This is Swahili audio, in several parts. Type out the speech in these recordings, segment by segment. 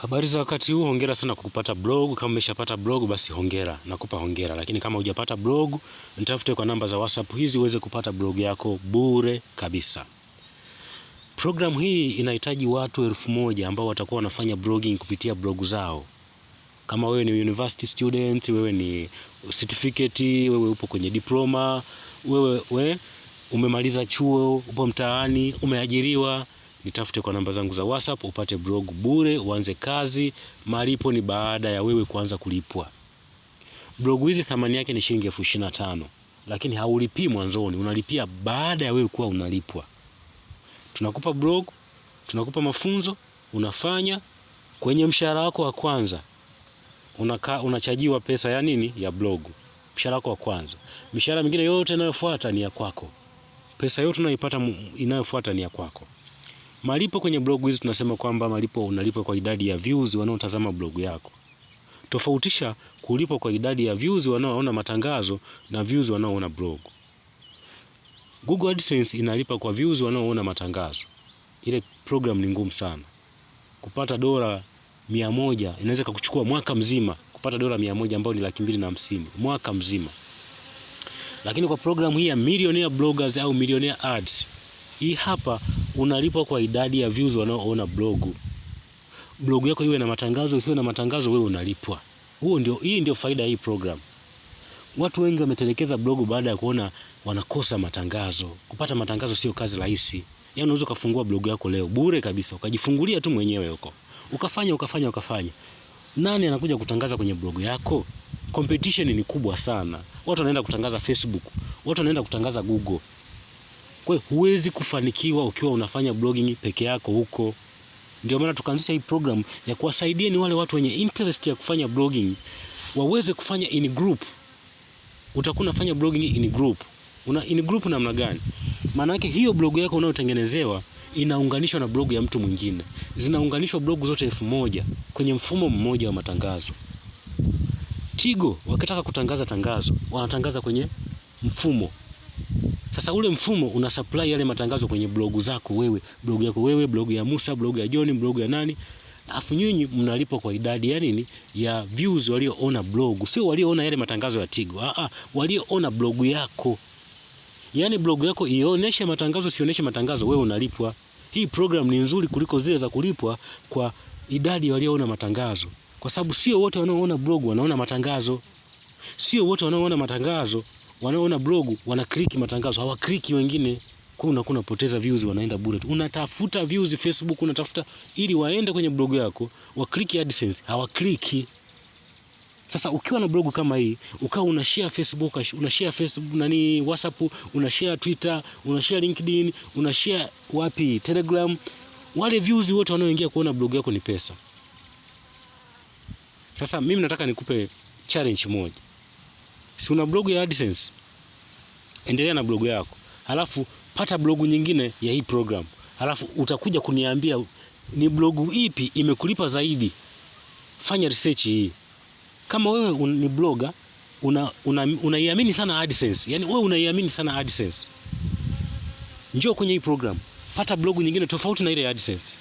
Habari za wakati huu, hongera sana kwa kupata blog. Kama umeshapata blog, basi hongera, nakupa hongera, lakini kama hujapata blog, nitafute kwa namba za WhatsApp hizi uweze kupata blog yako bure kabisa. Programu hii inahitaji watu elfu moja ambao watakuwa wanafanya blogging kupitia blog zao. Kama wewe ni university student, wewe ni certificate, wewe upo kwenye diploma, wewe we, umemaliza chuo, upo mtaani, umeajiriwa nitafute kwa namba zangu za WhatsApp upate blog bure, uanze kazi. Malipo ni baada ya wewe kuanza kulipwa. Blog hizi thamani yake ni shilingi elfu ishirini na tano lakini haulipii mwanzoni, unalipia baada ya wewe kuwa unalipwa. Tunakupa blog, tunakupa mafunzo, unafanya kwenye mshahara wako wa kwanza unaka, unachajiwa pesa ya nini? Ya blog, mshahara wako wa kwanza. Mishahara mingine yote inayofuata ni ya kwako, pesa yote unayoipata inayofuata ni ya kwako. Malipo kwenye blogu hizi tunasema kwamba malipo unalipwa kwa idadi ya views wanaotazama blogu yako. Tofautisha kulipwa kwa idadi ya views wanaoona matangazo na views wanaoona blog. Google AdSense inalipa kwa views wanaoona matangazo. Ile program ni ngumu sana. Kupata dola mia moja inaweza kukuchukua mwaka mzima kupata dola mia moja ambayo ni laki mbili na hamsini mwaka mzima. Lakini kwa programu hii ya Millionaire Bloggers au Millionaire Ads hii hapa unalipwa kwa idadi ya views wanaoona blogu. Blogu yako iwe na matangazo, isiwe na matangazo, wewe unalipwa. Huo ndio, hii ndio faida ya hii program. Watu wengi wametelekeza blogu baada ya kuona wanakosa matangazo. Kupata matangazo sio kazi rahisi. Yaani unaweza ukafungua blogu yako leo bure kabisa, ukajifungulia tu mwenyewe huko, ukafanya ukafanya ukafanya. Nani anakuja kutangaza kwenye blogu yako? Competition ni kubwa sana. Watu wanaenda kutangaza Facebook, watu wanaenda kutangaza Google. Kwa hiyo huwezi kufanikiwa ukiwa unafanya blogging peke yako huko. Ndio maana tukaanzisha hii program ya kuwasaidieni wale watu wenye interest ya kufanya blogging waweze kufanya in group. Utakuwa unafanya blogging in group. Una in group namna gani? Maana yake hiyo blog yako unayotengenezewa inaunganishwa na blogu ya mtu mwingine, zinaunganishwa blogu zote elfu moja kwenye mfumo mmoja wa matangazo. Tigo wakitaka kutangaza tangazo wanatangaza kwenye mfumo sasa ule mfumo una supply yale matangazo kwenye blogu zako wewe, blogu yako wewe, blogu ya Musa, blogu ya John, blogu ya nani, afu nyinyi mnalipwa kwa idadi ya nini, ya views walioona blogu, sio walioona yale matangazo ya Tigo. Ah, ah, walioona blogu yako, yani blogu yako ionyeshe matangazo, sionyeshe matangazo, wewe unalipwa. Hii program ni nzuri kuliko zile za kulipwa kwa idadi walioona matangazo, kwa sababu sio wote wanaoona blogu wanaona matangazo, sio wote wanaoona matangazo wanaona blog wana click matangazo, hawa click wengine. Kuna kuna poteza views, wanaenda bure tu. Unatafuta views Facebook, unatafuta ili waende kwenye blog yako wa click AdSense, hawa click. Sasa ukiwa na blog kama hii ukawa una share Facebook, una share Facebook nani WhatsApp, una share Twitter, una share LinkedIn, una share wapi Telegram, wale views wote wanaoingia kuona blog yako ni pesa. Sasa mimi nataka nikupe challenge moja si una blog ya AdSense, endelea na blog yako, alafu pata blogu nyingine ya hii program, alafu utakuja kuniambia ni blogu ipi imekulipa zaidi. Fanya research hii. Kama wewe un, ni bloga unaiamini una, una sana AdSense, yani wewe unaiamini sana AdSense, njoo kwenye hii program, pata blogu nyingine tofauti na ile ya AdSense.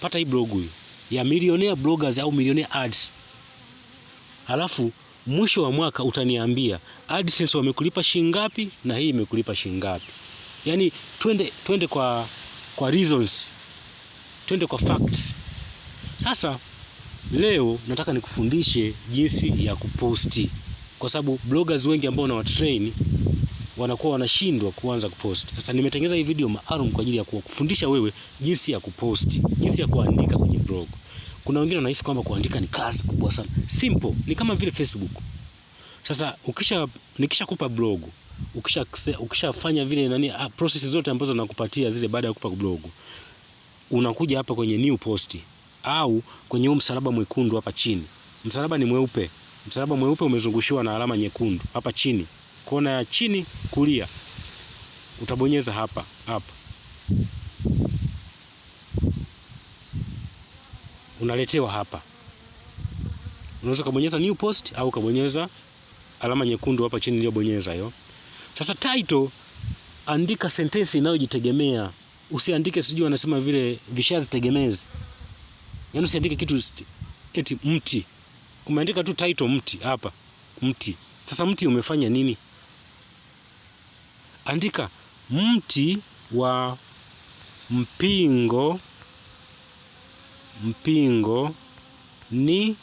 Pata hii blogu hii ya millionaire bloggers au millionaire ads, alafu mwisho wa mwaka utaniambia AdSense wamekulipa ngapi na hii imekulipa ngapi. Yaani twende, twende kwa, kwa reasons, twende kwa facts. Sasa leo nataka nikufundishe jinsi ya kuposti, kwa sababu bloggers wengi ambao na watrain wanakuwa wanashindwa kuanza kuposti. Sasa nimetengeneza hii video maalum kwa ajili ya kukufundisha wewe jinsi ya kuposti, jinsi ya kuandika kwenye blog. Kuna wengine wanahisi kwamba kuandika ni kazi kubwa sana. Simple, ni kama vile Facebook. Sasa ukisha nikishakupa blog, ukisha ukishafanya vile nani ah, process zote ambazo nakupatia zile baada ya kupa blog. Unakuja hapa kwenye new post au kwenye huu msalaba mwekundu hapa chini. Msalaba ni mweupe. Msalaba mweupe umezungushiwa na alama nyekundu hapa chini. Kona ya chini kulia. Utabonyeza hapa, hapa. unaletewa hapa. Unaweza kubonyeza new post au kubonyeza alama nyekundu hapa chini iliyobonyeza hiyo. Sasa title, andika sentensi inayojitegemea. Usiandike sijui wanasema vile vishazi tegemezi. Yaani usiandike kitu eti mti. Umeandika tu title mti hapa. Mti. Sasa mti umefanya nini? Andika mti wa mpingo mpingo ni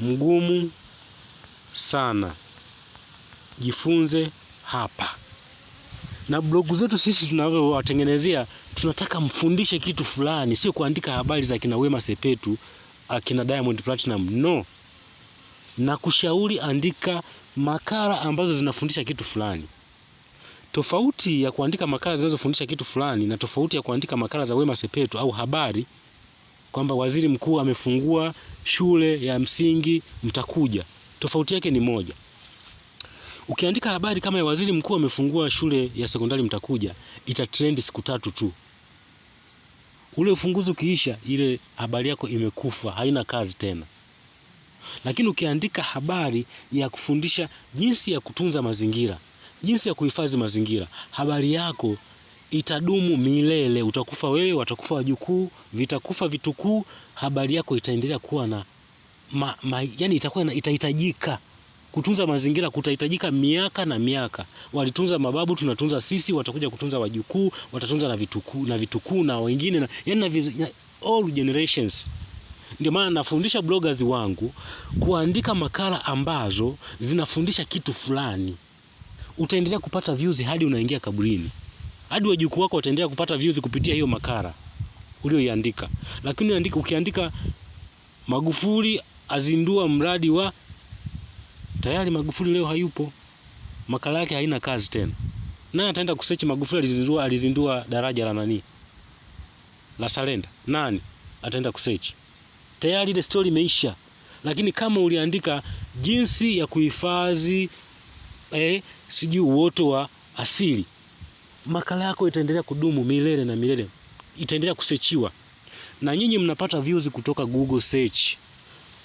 mgumu sana. Jifunze hapa. Na blogu zetu sisi tunavyowatengenezea, tunataka mfundishe kitu fulani, sio kuandika habari za kina Wema Sepetu, akina Diamond Platinum, no. Na kushauri andika makala ambazo zinafundisha kitu fulani. Tofauti ya kuandika makala zinazofundisha kitu fulani na tofauti ya kuandika makala za Wema Sepetu au habari kwamba waziri mkuu amefungua shule ya msingi, mtakuja. Tofauti yake ni moja. Ukiandika habari kama ya waziri mkuu amefungua shule ya sekondari, mtakuja, ita trend siku tatu tu. Ule ufunguzi ukiisha, ile habari yako imekufa, haina kazi tena. Lakini ukiandika habari ya kufundisha jinsi ya kutunza mazingira, jinsi ya kuhifadhi mazingira, habari yako itadumu milele. Utakufa wewe, watakufa wajukuu, vitakufa vitukuu, habari yako itaendelea kuwa na ma, ma, yani itakuwa na, itahitajika kutunza mazingira kutahitajika miaka na miaka. Walitunza mababu, tunatunza sisi, watakuja kutunza wajukuu, watatunza na vitukuu na vitukuu na wengine na, yani na viz, all generations. Ndio maana nafundisha bloggers wangu kuandika makala ambazo zinafundisha kitu fulani. Utaendelea kupata views hadi unaingia kaburini hadi wajukuu wako wataendelea kupata views kupitia hiyo makala ulioiandika. Lakini ukiandika Magufuli azindua mradi wa, tayari Magufuli leo hayupo, makala yake haina kazi tena. Nani ataenda kusearch Magufuli alizindua, alizindua daraja la nani la Salenda? Nani ataenda kusearch? Tayari ile story imeisha. Lakini kama uliandika jinsi ya kuhifadhi eh, sijui uoto wa asili makala yako itaendelea kudumu milele na milele, itaendelea kusechiwa na nyinyi mnapata views kutoka Google search.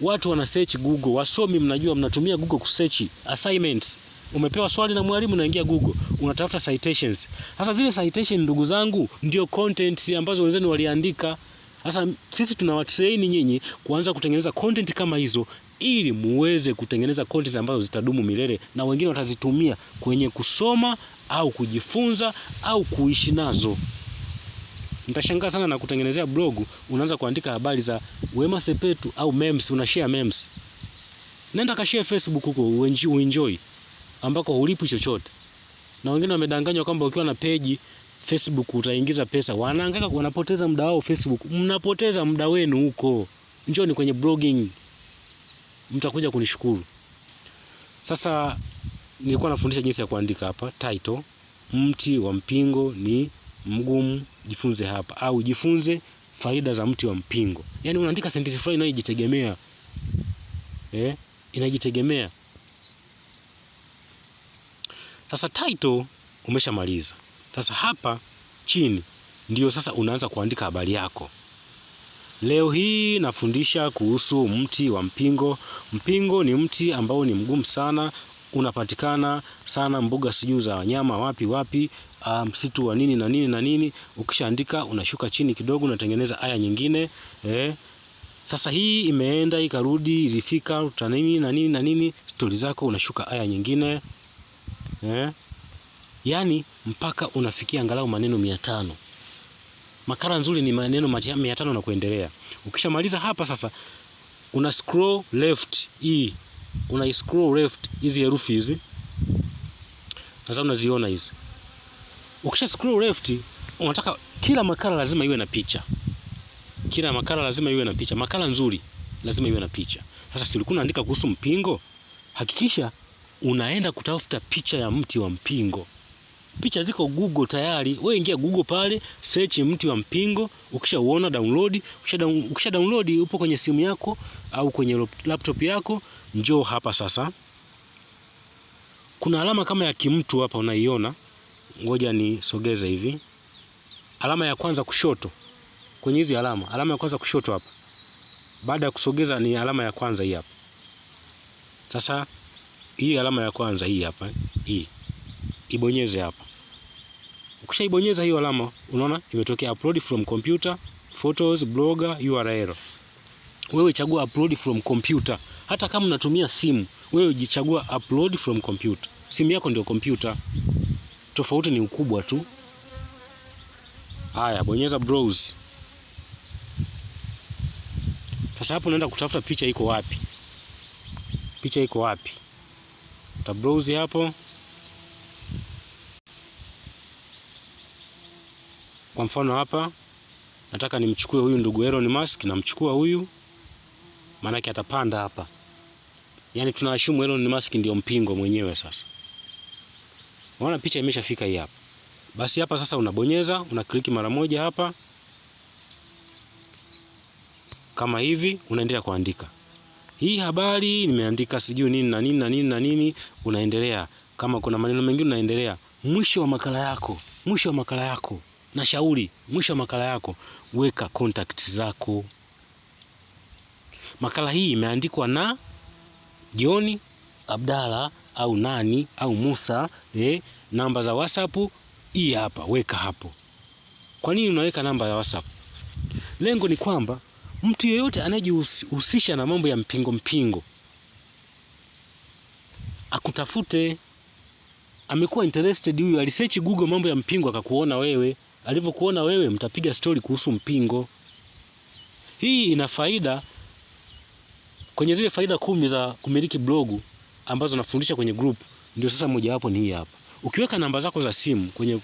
Watu wana search Google, wasomi mnajua, mnatumia Google kusearch assignments. Umepewa swali na mwalimu, unaingia Google unatafuta citations. Sasa zile citation, ndugu zangu, ndio content ambazo wenzenu waliandika. Sasa sisi tunawatrain nyinyi kuanza kutengeneza content kama hizo, ili muweze kutengeneza content ambazo zitadumu milele na wengine watazitumia kwenye kusoma au kujifunza au kuishi nazo. Nitashangaa sana na kutengenezea blogu, unaanza kuandika habari za Wema Sepetu au memes, una share memes. Nenda kashare Facebook huko uenjoy, ambako hulipi chochote. Na wengine wamedanganywa kwamba ukiwa na peji Facebook utaingiza pesa, wanahangaika, wanapoteza muda wao Facebook. Mnapoteza muda wenu huko, njoni kwenye blogging, mtakuja kunishukuru. Sasa nilikuwa nafundisha jinsi ya kuandika hapa title, mti wa mpingo ni mgumu, jifunze hapa, au jifunze faida za mti wa mpingo. Yani unaandika sentensi fulani inayojitegemea eh, inajitegemea. Sasa title umeshamaliza. Sasa hapa chini ndio sasa unaanza kuandika habari yako. Leo hii nafundisha kuhusu mti wa mpingo. Mpingo ni mti ambao ni mgumu sana, unapatikana sana mbuga sijuu za wanyama wapi wapi, ah, msitu um, wa nini na nini na nini. Ukishaandika unashuka chini kidogo, unatengeneza aya nyingine eh. Sasa hii imeenda ikarudi, ilifika nini na nini na nini, stori zako unashuka aya nyingine eh. Yani mpaka unafikia angalau maneno mia tano. Makala nzuri ni maneno mia tano na kuendelea. Ukishamaliza hapa sasa una scroll left hii una scroll left hizi herufi hizi nadhani unaziona hizi. Ukisha scroll left, unataka kila makala lazima iwe na picha, kila makala lazima iwe na picha. Makala nzuri lazima iwe na picha. Sasa si naandika kuhusu mpingo, hakikisha unaenda kutafuta picha ya mti wa mpingo. Picha ziko Google tayari, we ingia Google pale, search mti wa mpingo. Ukishauona download, ukisha download, ukisha download upo kwenye simu yako au kwenye laptop yako, Njoo hapa sasa, kuna alama kama ya kimtu hapa, unaiona? Ngoja nisogeze hivi. Alama ya kwanza kushoto kwenye hizi alama, alama ya kwanza kushoto hapa, baada ya kusogeza ni alama ya kwanza hii hapa. Sasa hii alama ya kwanza hii hapa, hii ibonyeze hapa. Ukishaibonyeza hiyo alama, unaona imetokea upload from computer, photos, blogger, url. Wewe chagua upload from computer. Hata kama unatumia simu, wewe ujichagua upload from computer. Simu yako ndio kompyuta, tofauti ni ukubwa tu. Haya, bonyeza browse. Sasa hapo unaenda kutafuta picha iko wapi? Picha iko wapi? Uta browse hapo. Kwa mfano hapa nataka nimchukue huyu ndugu Elon Musk, namchukua huyu, maanake atapanda hapa. Yaani tunawashumu Elon Musk ndio mpingo mwenyewe sasa. Unaona picha imeshafika hii hapa. Basi hapa sasa unabonyeza, unakliki mara moja hapa kama hivi, unaendelea kuandika hii habari nimeandika sijui nini na nini na nini na nini, unaendelea. Kama kuna maneno mengine unaendelea. Mwisho wa makala yako, mwisho wa makala yako, na shauri, mwisho wa makala yako weka contact zako. Makala hii imeandikwa na John Abdalla au nani au Musa eh, namba za WhatsApp hii hapa, weka hapo. Kwa nini unaweka namba ya WhatsApp? Lengo ni kwamba mtu yeyote anayejihusisha na mambo ya mpingo mpingo akutafute. Amekuwa interested huyu, alisearch Google mambo ya mpingo akakuona wewe, alivyokuona wewe mtapiga story kuhusu mpingo. Hii ina faida Kwenye zile faida kumi za kumiliki blogu ambazo nafundisha kwenye group, ndio sasa mojawapo ni hii hapa. Ukiweka namba zako za simu kwenye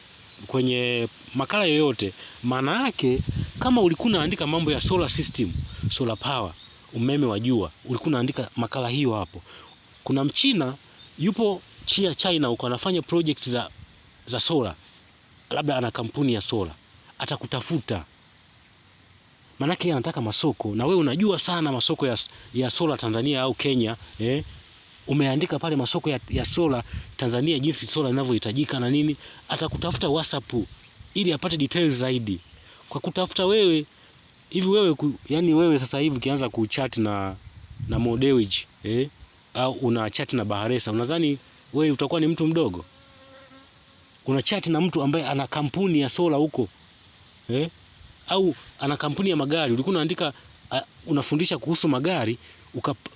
kwenye makala yoyote, maana yake kama ulikuwa unaandika mambo ya solar system, solar power, umeme wa jua, ulikuwa unaandika makala hiyo hapo. Kuna mchina yupo chia China huko anafanya project za, za solar, labda ana kampuni ya solar, atakutafuta Maanake anataka masoko na we unajua sana masoko ya, ya sola Tanzania au Kenya eh? Umeandika pale masoko ya, ya sola Tanzania, jinsi sola inavyohitajika na nini. Atakutafuta WhatsApp ili apate details zaidi kwa kutafuta wewe hivi wewe ku, yani wewe sasa hivi ukianza kuchat na na Modewij eh? au una chat na Baharesa, unadhani wewe utakuwa ni mtu mdogo? Una chat na mtu ambaye ana kampuni ya sola huko eh? au ana kampuni ya magari, ulikuwa unaandika uh, unafundisha kuhusu magari,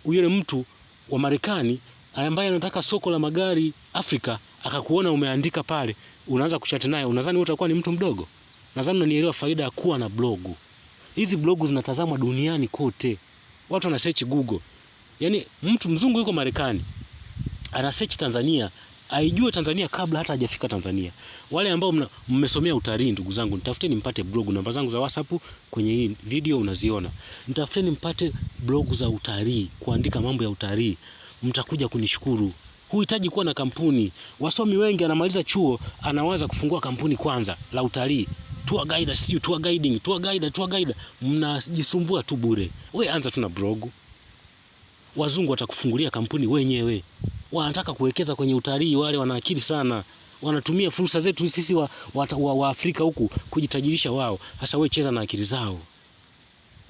yule mtu wa Marekani ambaye anataka soko la magari Afrika akakuona umeandika pale, unaanza kuchati naye, unadhani wewe utakuwa ni mtu mdogo? Nadhani unanielewa faida ya kuwa na blogu. Hizi blogu zinatazamwa duniani kote, watu wana search Google. Yani mtu mzungu yuko Marekani ana search Tanzania aijue Tanzania kabla hata hajafika Tanzania. Wale ambao mmesomea utalii, ndugu zangu, nitafuteni mpate blog, namba zangu za WhatsApp kwenye hii video unaziona. Nitafuteni mpate blog za utalii, kuandika mambo ya utalii, mtakuja kunishukuru. Huhitaji kuwa na kampuni. Wasomi wengi anamaliza chuo anawaza kufungua kampuni kwanza la utalii tour guide, sio tour guiding, tour guide, tour guide, mnajisumbua tu bure. We anza tuna blog wazungu watakufungulia kampuni wenyewe. Wanataka kuwekeza kwenye utalii, wale wana akili sana, wanatumia fursa zetu sisi wa, wa, wa, wa Afrika huku kujitajirisha wao. Hasa wewe cheza na akili zao.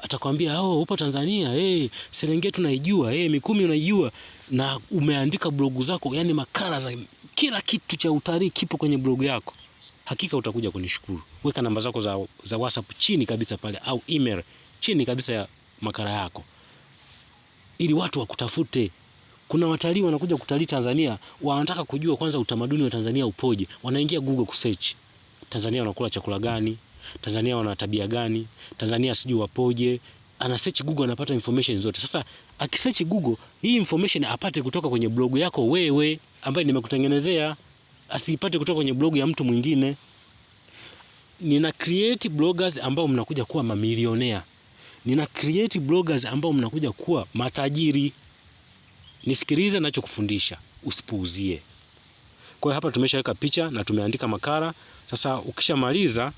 Atakwambia oh, upo Tanzania eh, hey, Serengeti unaijua hey, eh, Mikumi unaijua, na umeandika blogu zako, yani makala za kila kitu cha utalii kipo kwenye blogu yako. Hakika utakuja kunishukuru. Weka namba zako za, za WhatsApp chini kabisa pale, au email chini kabisa ya makala yako ili watu wakutafute. Kuna watalii wanakuja kutalii Tanzania, wanataka kujua kwanza utamaduni wa Tanzania upoje. Wanaingia Google kusearch Tanzania wanakula chakula gani, Tanzania wana tabia gani, Tanzania sijui wapoje. Ana search Google anapata information zote. Sasa akisearch Google hii information apate kutoka kwenye blog yako wewe ambaye nimekutengenezea, asipate kutoka kwenye blog ya mtu mwingine. Nina create bloggers ambao mnakuja kuwa mamilionea nina create bloggers ambao mnakuja kuwa matajiri. Nisikilize ninachokufundisha, usipuuzie. Kwa hiyo hapa tumeshaweka picha na tumeandika makala. Sasa ukishamaliza,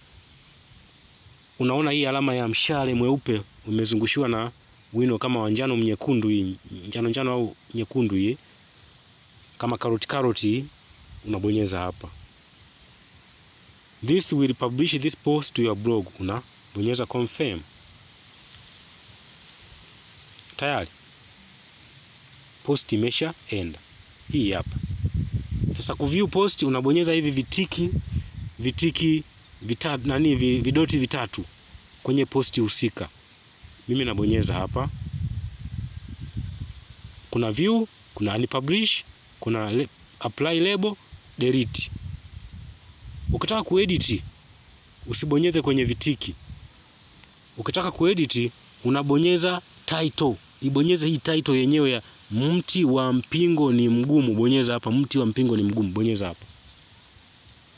unaona hii alama ya mshale mweupe umezungushiwa na wino kama wanjano mnyekundu, hii njano njano au nyekundu hii kama karoti karoti, unabonyeza hapa, this will publish this post to your blog, Una bonyeza confirm tayari post imesha enda. Hii hapa sasa, view post unabonyeza hivi vitiki vitiki vitatu, nani vidoti vitatu kwenye posti husika. Mimi nabonyeza hapa, kuna view, kuna unpublish, kuna le, apply label, delete. Ukitaka kuedit usibonyeze kwenye vitiki, ukitaka kuedit unabonyeza title ibonyeze hii title yenyewe ya mti wa mpingo ni mgumu. Bonyeza hapa, mti wa mpingo ni mgumu, bonyeza hapa,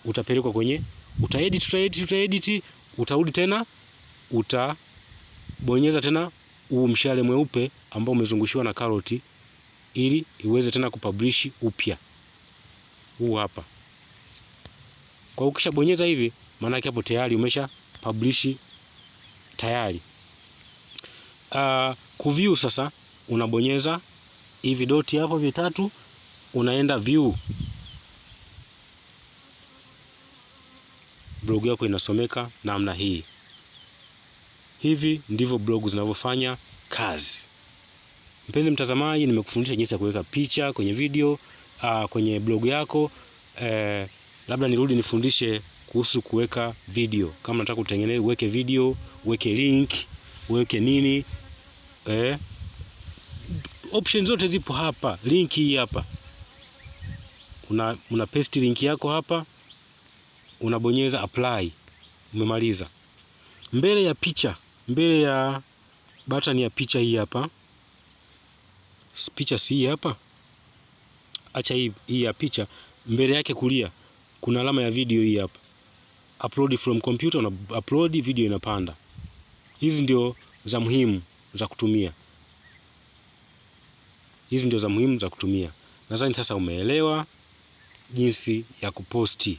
utapelekwa kwenye, utaedit, utaedit, utaedit, utarudi tena, utabonyeza tena huu mshale mweupe ambao umezungushiwa na karoti, ili iweze tena kupublish upya. Huu hapa kwa, bonyeza hivi, maanake hapo tayari umesha publish tayari uh, kuview sasa unabonyeza hivi doti hapo vitatu, unaenda view, blog yako inasomeka namna hii. Hivi ndivyo blog zinavyofanya kazi. Mpenzi mtazamaji, nimekufundisha jinsi ya kuweka picha kwenye video uh, kwenye blog yako eh, labda nirudi nifundishe kuhusu kuweka video. Kama nataka kutengeneza, uweke video, uweke link, uweke nini eh, option zote zipo hapa, link hii hapa. Una, una paste link yako hapa, unabonyeza apply, umemaliza. Mbele ya picha, mbele ya button ya picha hii hapa, picha si hii hapa, acha hii, hii ya picha, mbele yake kulia kuna alama ya video hii hapa, upload from computer, una upload video inapanda. Hizi ndio za muhimu za kutumia. Hizi ndio za muhimu za kutumia. Nadhani sasa umeelewa jinsi ya kuposti,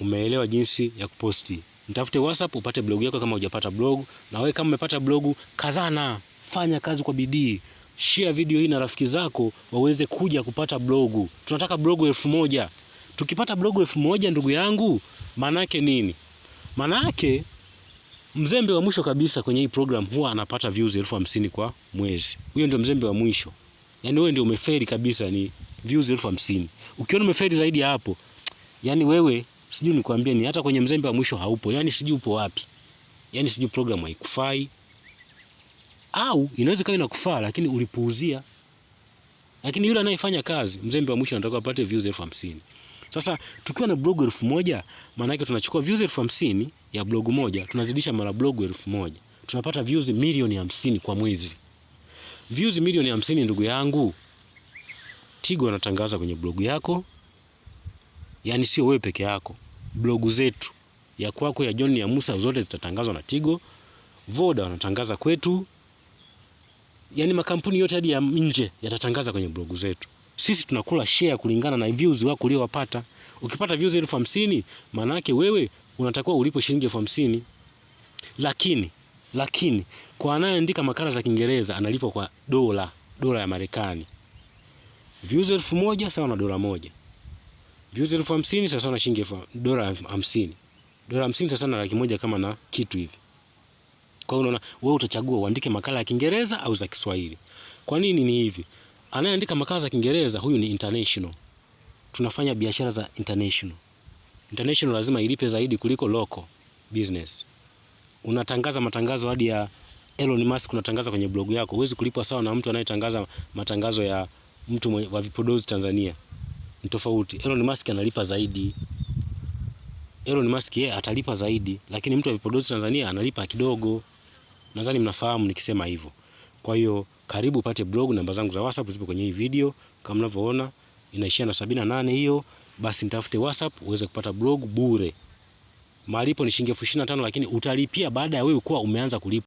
umeelewa jinsi ya kuposti. Mtafute WhatsApp upate blogu yako kama hujapata blogu, na wewe kama umepata blogu, kazana, fanya kazi kwa bidii, share video hii na rafiki zako waweze kuja kupata blogu. Tunataka blogu elfu moja. Tukipata blogu elfu moja ndugu yangu, maana yake nini? Maana yake Mzembe wa mwisho kabisa kwenye hii program huwa anapata views elfu hamsini kwa mwezi. Huyo ndio mzembe wa mwisho. Yaani wewe ndio umeferi kabisa ni views elfu hamsini. Ukiona umeferi zaidi ya hapo, yani wewe sijui nikwambie ni hata kwenye mzembe wa mwisho haupo. Yaani sijui upo wapi. Yaani sijui program haikufai. Au inaweza ikawa inakufaa lakini ulipuuzia. Lakini yule anayefanya kazi, mzembe wa mwisho anataka apate views elfu hamsini. Sasa tukiwa na blog elfu moja maana yake tunachukua views elfu hamsini ya blog moja tunazidisha mara blog elfu moja tunapata views milioni hamsini kwa mwezi. Views milioni hamsini, ndugu yangu, Tigo anatangaza kwenye blog yako, yaani sio wewe peke yako. Blogu zetu ya kwako, ya John, ya Musa, zote zitatangazwa na Tigo. Voda wanatangaza kwetu, yaani makampuni yote hadi ya nje yatatangaza kwenye blogu zetu. Sisi tunakula share kulingana na views wako uliowapata. Ukipata views elfu hamsini, maana yake wewe unatakiwa ulipo shilingi elfu hamsini lakini lakini kwa anayeandika makala za Kiingereza analipwa kwa dola dola ya Marekani. Views elfu moja sawa na dola moja. Views elfu hamsini sawa na shilingi dola hamsini. Dola hamsini sawa na laki moja kama na kitu hivi. Kwa hiyo unaona, wewe utachagua uandike makala ya Kiingereza au za Kiswahili. Kwa nini ni hivi? Anayeandika makala za Kiingereza huyu ni international, tunafanya biashara za international international lazima ilipe zaidi kuliko local business. Unatangaza matangazo hadi ya Elon Musk unatangaza kwenye blogu yako, huwezi kulipwa sawa na mtu anayetangaza matangazo ya mtu wa vipodozi Tanzania. Ni tofauti. Elon Musk analipa zaidi. Elon Musk yeye atalipa zaidi, lakini mtu wa vipodozi Tanzania analipa kidogo. Nadhani mnafahamu nikisema hivyo. Kwa hiyo karibu upate blog, namba zangu za WhatsApp zipo kwenye hii video kama mnavyoona, inaishia na sabini na nane hiyo basi nitafute WhatsApp uweze kupata blog bure. Malipo ni shilingi elfu ishirini na tano lakini utalipia baada ya wewe kuwa umeanza kulipa.